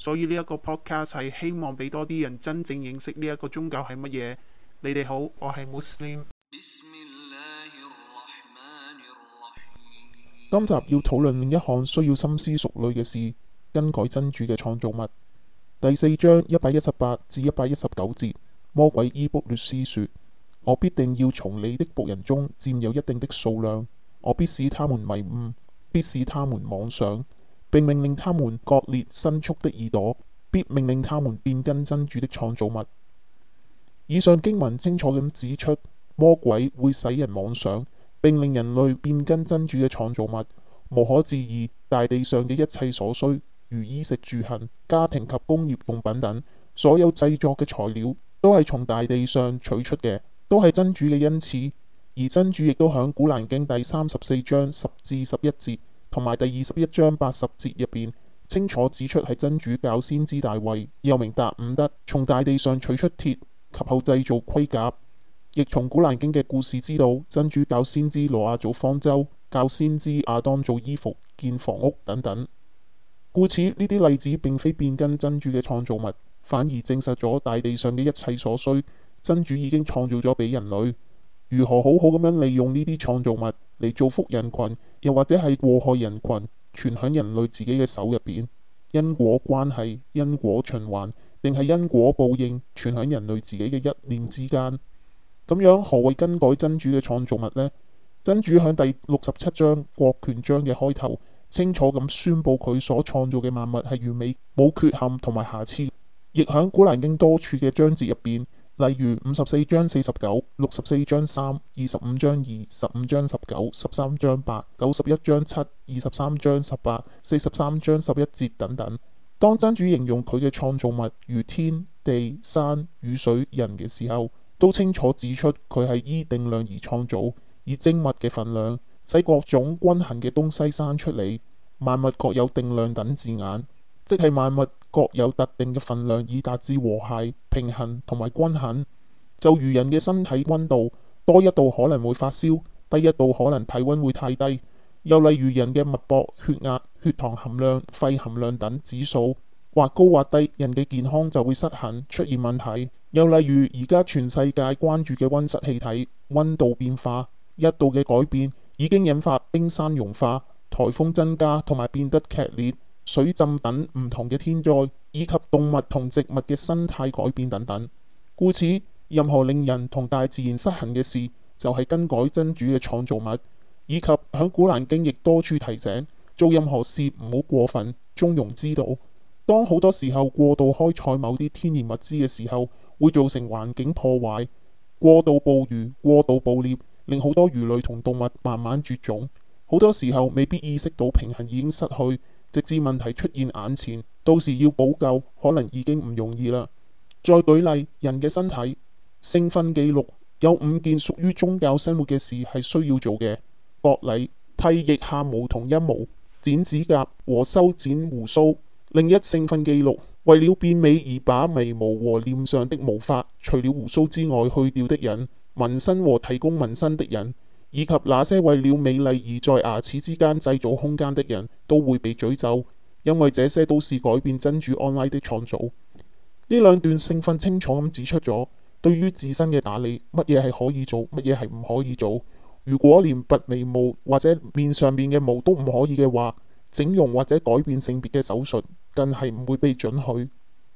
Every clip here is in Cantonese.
所以呢一個 podcast 係希望俾多啲人真正認識呢一個宗教係乜嘢。你哋好，我係穆斯林。今集要討論另一項需要深思熟慮嘅事，更改真主嘅創造物。第四章一百一十八至一百一十九節。魔鬼伊卜劣斯説：我必定要從你的僕人中佔有一定的數量，我必使他們迷誤，必使他們妄想。並命令他們割裂牲畜的耳朵，必命令他們變更真主的創造物。以上經文清楚咁指出，魔鬼會使人妄想，並令人類變更真主嘅創造物。無可置疑，大地上嘅一切所需，如衣食住行、家庭及工業用品等，所有製作嘅材料都係從大地上取出嘅，都係真主嘅恩賜。而真主亦都響《古蘭經》第三十四章十至十一節。同埋第二十一章八十節入邊，清楚指出係真主教先知大衛，又名達伍德，從大地上取出鐵，及後製造盔甲。亦從古蘭經嘅故事知道，真主教先知羅亞造方舟，教先知亞當做衣服、建房屋等等。故此呢啲例子並非變更真主嘅創造物，反而證實咗大地上嘅一切所需，真主已經創造咗俾人類。如何好好咁樣利用呢啲創造物嚟造福人群，又或者係禍害人群，全喺人類自己嘅手入邊。因果關係、因果循環，定係因果報應，全喺人類自己嘅一念之間。咁樣，何謂更改真主嘅創造物呢？真主喺第六十七章《國權章》嘅開頭，清楚咁宣布佢所創造嘅萬物係完美，冇缺陷同埋瑕疵。亦喺《古蘭經》多處嘅章節入邊。例如五十四章四十九、六十四章三、二十五章二、十五章十九、十三章八、九十一章七、二十三章十八、四十三章十一節等等。當真主形容佢嘅創造物如天地、山、雨水、人嘅時候，都清楚指出佢係依定量而創造，以精密嘅分量，使各種均衡嘅東西生出嚟。萬物各有定量等字眼，即係萬物，各有特定嘅份量，以達至和諧、平衡同埋均衡。就如人嘅身體溫度，多一度可能會發燒，低一度可能體溫會太低。又例如人嘅脈搏、血壓、血糖含量、肺含量等指數，或高或低，人嘅健康就會失衡，出現問題。又例如而家全世界關注嘅温室氣體、温度變化，一度嘅改變已經引發冰山融化、颱風增加同埋變得劇烈。水浸等唔同嘅天災，以及動物同植物嘅生態改變等等，故此任何令人同大自然失衡嘅事，就係更改真主嘅創造物。以及喺《古蘭經》亦多處提醒，做任何事唔好過分，中庸之道。當好多時候過度開採某啲天然物資嘅時候，會造成環境破壞，過度捕魚、過度捕獵，令好多魚類同動物慢慢絕種。好多時候未必意識到平衡已經失去。直至問題出現眼前，到時要補救可能已經唔容易啦。再舉例，人嘅身體。聖訓記錄有五件屬於宗教生活嘅事係需要做嘅：割禮、剃腋下毛同陰毛、剪指甲和修剪鬍鬚。另一聖訓記錄，為了變美而把眉毛和臉上的毛髮，除了鬍鬚之外去掉的人，紋身和提供紋身的人。以及那些為了美麗而在牙齒之間製造空間的人，都會被詛咒，因為這些都是改變真主安拉的創造。呢兩段聖訓清楚咁指出咗，對於自身嘅打理，乜嘢係可以做，乜嘢係唔可以做。如果連拔眉毛或者面上面嘅毛都唔可以嘅話，整容或者改變性別嘅手術更係唔會被准許。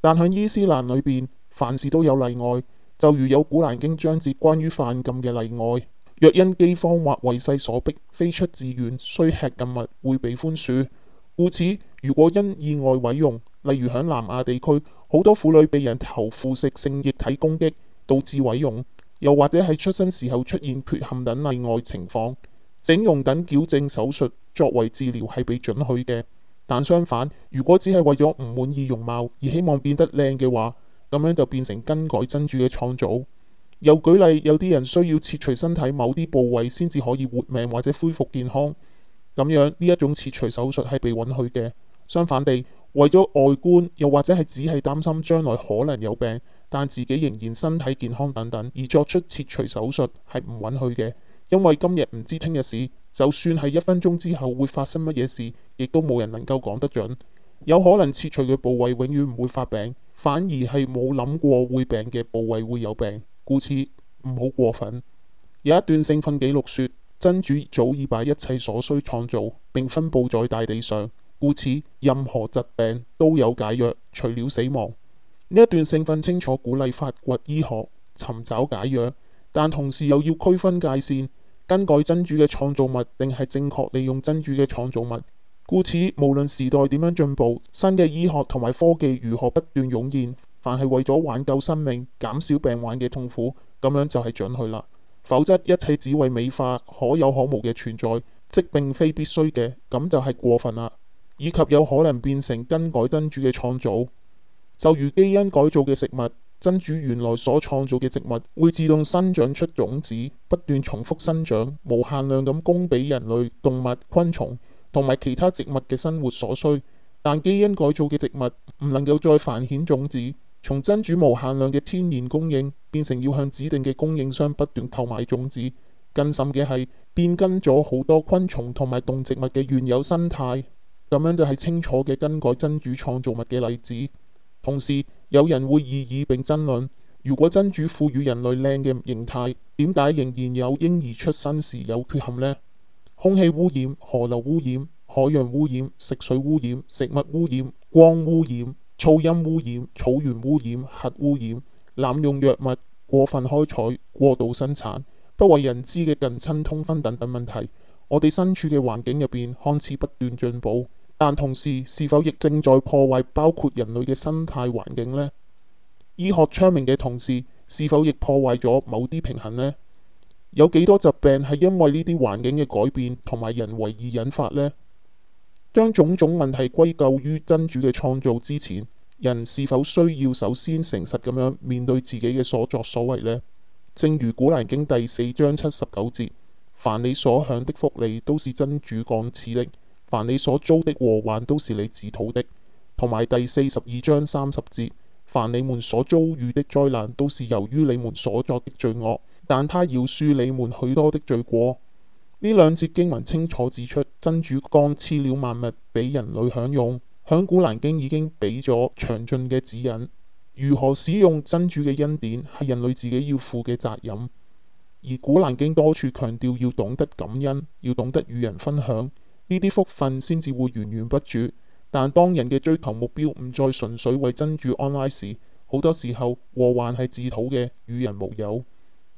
但喺伊斯蘭裏邊，凡事都有例外，就如有古蘭經章節關於犯禁嘅例外。若因饑荒或為勢所迫，非出自願，需吃禁物會被寬恕。故此，如果因意外毀容，例如響南亞地區，好多婦女被人投腐蝕性液體攻擊，導致毀容；又或者喺出生時候出現缺陷等例外情況，整容等矯正手術作為治療係被准許嘅。但相反，如果只係為咗唔滿意容貌而希望變得靚嘅話，咁樣就變成更改真主嘅創造。又舉例，有啲人需要切除身體某啲部位先至可以活命或者恢復健康，咁樣呢一種切除手術係被允許嘅。相反地，為咗外觀，又或者係只係擔心將來可能有病，但自己仍然身體健康等等而作出切除手術係唔允許嘅，因為今日唔知聽日事，就算係一分鐘之後會發生乜嘢事，亦都冇人能夠講得準。有可能切除嘅部位永遠唔會發病，反而係冇諗過會病嘅部位會有病。故此唔好過分。有一段聖訓記錄說，真主早已把一切所需創造，並分布在大地上。故此，任何疾病都有解藥，除了死亡。呢一段聖訓清楚鼓勵發掘醫學、尋找解藥，但同時又要區分界線，更改真主嘅創造物定係正確利用真主嘅創造物。故此，無論時代點樣進步，新嘅醫學同埋科技如何不斷湧現。凡係為咗挽救生命、減少病患嘅痛苦，咁樣就係准許啦。否則一切只為美化可有可無嘅存在，即並非必須嘅，咁就係過分啦。以及有可能變成更改真主嘅創造，就如基因改造嘅食物，真主原來所創造嘅植物會自動生長出種子，不斷重複生長，無限量咁供俾人類、動物、昆蟲同埋其他植物嘅生活所需。但基因改造嘅植物唔能夠再繁衍種子。從真主無限量嘅天然供應變成要向指定嘅供應商不斷購買種子，更甚嘅係變更咗好多昆蟲同埋動植物嘅原有生態，咁樣就係清楚嘅更改真主創造物嘅例子。同時有人會異議並爭論：如果真主賦予人類靚嘅形態，點解仍然有嬰兒出生時有缺陷呢？空氣污染、河流污染、海洋污染、食水污染、食物污染、光污染、噪音污染、草原污染、核污染、濫用藥物、過分開採、過度生產、不為人知嘅近親通婚等等問題，我哋身處嘅環境入邊看似不斷進步，但同時是否亦正在破壞包括人類嘅生態環境呢？醫學昌明嘅同時，是否亦破壞咗某啲平衡呢？有幾多疾病係因為呢啲環境嘅改變同埋人為而引發呢？將種種問題歸咎於真主嘅創造之前，人是否需要首先誠實咁樣面對自己嘅所作所為呢？正如古蘭經第四章七十九節：凡你所享的福利都是真主降賜的；凡你所遭的禍患都是你自討的。同埋第四十二章三十節：凡你們所遭遇的災難都是由於你們所作的罪惡，但他饒恕你們許多的罪過。呢兩節經文清楚指出，真主降賜了萬物俾人類享用。響《古蘭經》已經俾咗詳盡嘅指引，如何使用真主嘅恩典係人類自己要負嘅責任。而《古蘭經》多處強調要懂得感恩，要懂得與人分享，呢啲福分先至會源源不絕。但當人嘅追求目標唔再純粹為真主安拉時，好多時候禍患係自討嘅，與人無有。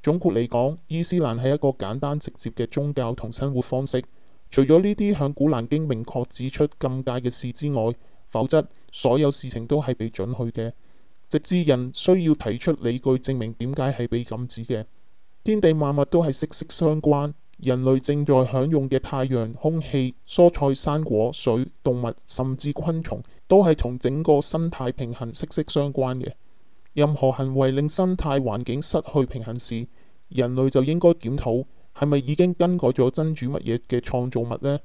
總括嚟講，伊斯蘭係一個簡單直接嘅宗教同生活方式。除咗呢啲向古蘭經明確指出禁戒嘅事之外，否則所有事情都係被准許嘅。直至人需要提出理據證明點解係被禁止嘅。天地萬物都係息息相關，人類正在享用嘅太陽、空氣、蔬菜、生果、水、動物，甚至昆蟲，都係同整個生態平衡息息相關嘅。任何行為令生態環境失去平衡時，人類就應該檢討，係咪已經更改咗真主乜嘢嘅創造物呢？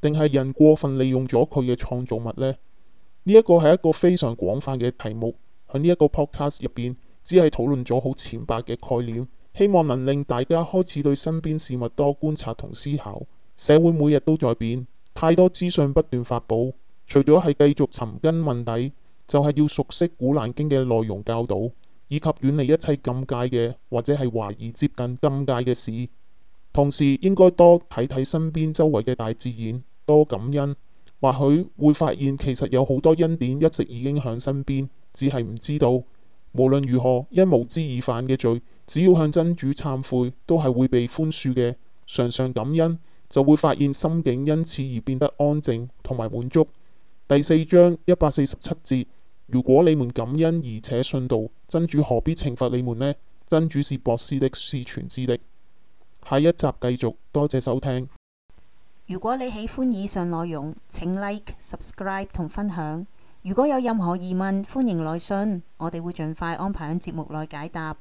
定係人過分利用咗佢嘅創造物呢？呢一個係一個非常廣泛嘅題目，喺呢一個 podcast 入邊，只係討論咗好淺白嘅概念，希望能令大家開始對身邊事物多觀察同思考。社會每日都在變，太多資訊不斷發佈，除咗係繼續尋根問底，就係要熟悉古蘭經嘅內容教導。以及遠離一切禁忌嘅，或者係懷疑接近禁忌嘅事。同時應該多睇睇身邊周圍嘅大自然，多感恩，或許會發現其實有好多恩典一直已經響身邊，只係唔知道。無論如何，因無知而犯嘅罪，只要向真主懺悔，都係會被寬恕嘅。常常感恩，就會發現心境因此而變得安靜同埋滿足。第四章一百四十七節。如果你們感恩而且信道，真主何必懲罰你們呢？真主是博施的，是全知的。下一集繼續，多謝收聽。如果你喜歡以上內容，請 like、subscribe 同分享。如果有任何疑問，歡迎來信，我哋會盡快安排喺節目內解答，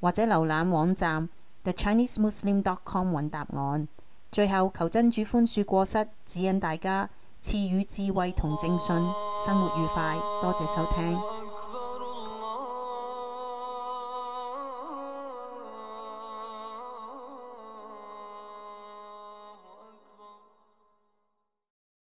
或者瀏覽網站 thechinesemuslim.com 揾答案。最後，求真主寬恕過失，指引大家。賜予智慧同正信，生活愉快。多謝收聽。